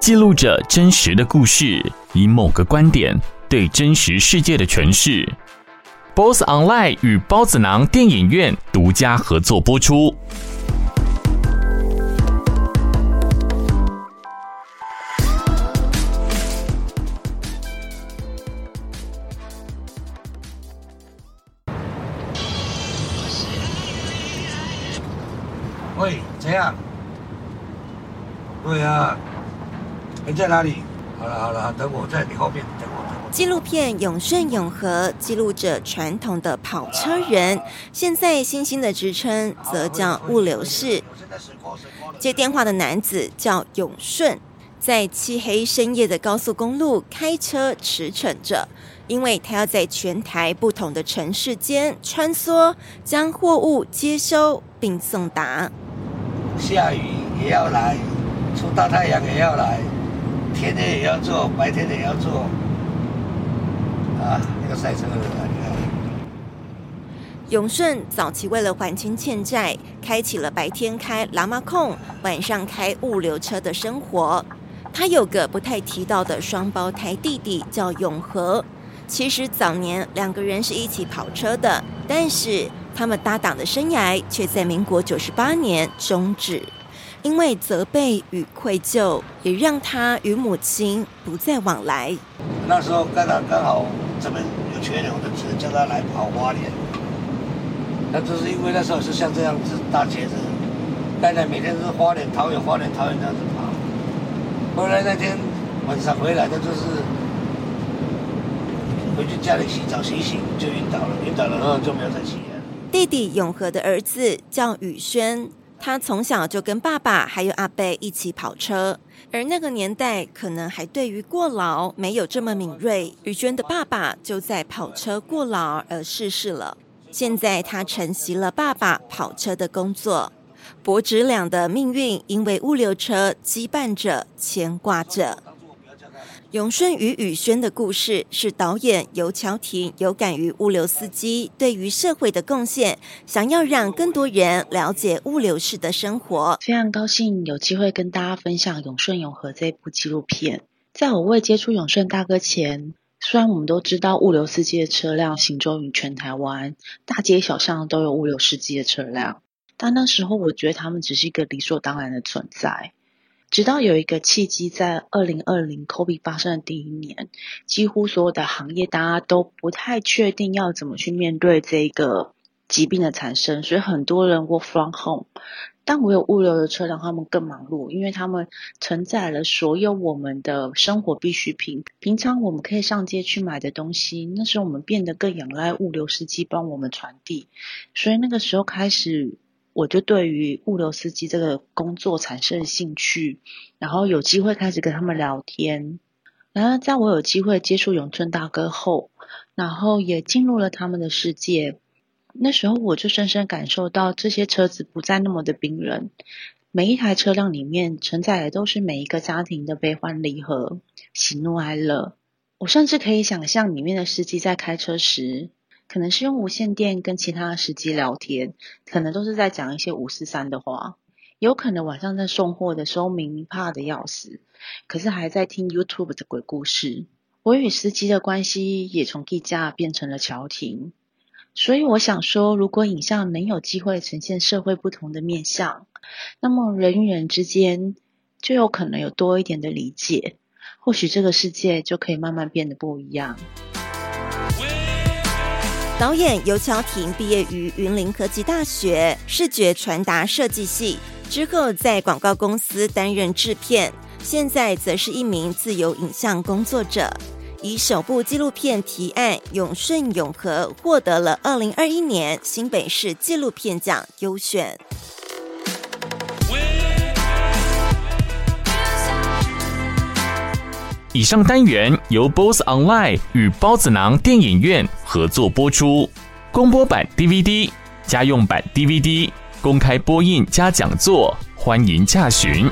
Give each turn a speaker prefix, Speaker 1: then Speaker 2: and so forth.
Speaker 1: 記錄着真實的故事，以某個觀點對真實世界的詮釋。BOSS Online 與包子囊電影院獨家合作播出。
Speaker 2: 喂，怎樣？對啊。你在哪裡？好了好了，等我在你後
Speaker 1: 面。等我。紀錄片《永順永和》記錄着傳統的跑車人，現在新興的職稱則叫物流士。接電話的男子叫永順，在漆黑深夜的高速公路開車馳騁着，因為他要在全台不同的城市間穿梭，將貨物接收並送達。下雨也要來，出大太陽也要來。天天也要做，白天也要做，啊，那個賽車的、啊。永順早期為了還清欠債，開啟了白天開拉嗎控，晚上開物流車的生活。他有個不太提到的雙胞胎弟弟叫永和。其實早年兩個人是一起跑車的，但是他們搭檔的生涯卻在民國九十八年終止。因為責備與愧疚，也讓他與母親不再往來。那時候，剛剛剛好這邊有缺兩隻車，叫他來跑花蓮。那就是因為那時候是像這樣子大車子，甘仔每天是花蓮桃園、花蓮桃園這樣子跑。後來那天晚上回來，他就是回去家裡洗澡，洗一洗就暈倒了。暈倒了後就沒有再起來。弟弟永和的兒子叫宇軒。他從小就跟爸爸還有阿伯一起跑車，而那個年代可能還對於過勞沒有這麼敏銳。宇軒的爸爸就在跑車過勞而逝世了。現在他承襲了爸爸跑車的工作，伯侄倆的命運因為物流車羈絆着、牽掛着。永順與宇軒的故事，是導演游喬婷有感於物流司機對於社會的貢獻，想要讓更多人了解物流士的生活。
Speaker 2: 非常高興有機會跟大家分享《永順永和》這部紀錄片。在我未接觸永順大哥前，雖然我們都知道物流司機的車輛行蹤於全台灣大街小巷都有物流司機的車輛，但那時候我覺得他們只是一個理所當然的存在。直到有一個契機，在二零二零 COVID 發生的第一年，幾乎所有的行業大家都不太確定要怎麼去面對這個疾病的產生，所以很多人 work from home。但我有物流的車，讓他們更忙碌，因為他們承載了所有我們的生活必需品。平常我們可以上街去買的東西，那時候我們變得更仰賴物流司機幫我們傳遞。所以那個時候開始。我就對於物流司機這個工作產生興趣，然後有機會開始跟他們聊天。然後在我有機會接觸永順大哥後，然後也進入了他們的世界。那時候我就深深感受到，這些車子不再那麼的冰冷，每一台車輛裡面承載的都是每一個家庭的悲歡離合、喜怒哀樂。我甚至可以想象，裡面的司機在開車時。可能是用無線電跟其他司機聊天，可能都是在講一些五四三的話。有可能晚上在送貨的時候，明明怕得要死，可是還在聽 YouTube 的鬼故事。我與司機的關係也從競價變成了橋停。所以我想說，如果影像能有機會呈現社會不同的面向，那麼人與人之間就有可能有多一點的理解，或許這個世界就可以慢慢變得不一樣。導演
Speaker 1: 游喬婷畢業於雲林科技大學視覺傳達設計系，之後在廣告公司擔任製片，現在則是一名自由影像工作者。以首部紀錄片提案《永順永和》獲得了二零二一年新北市紀錄片獎優選。以上單元由 BOSS Online 與包子囊電影院合作播出，公播版 DVD、家用版 DVD 公開播映加講座，歡迎洽詢。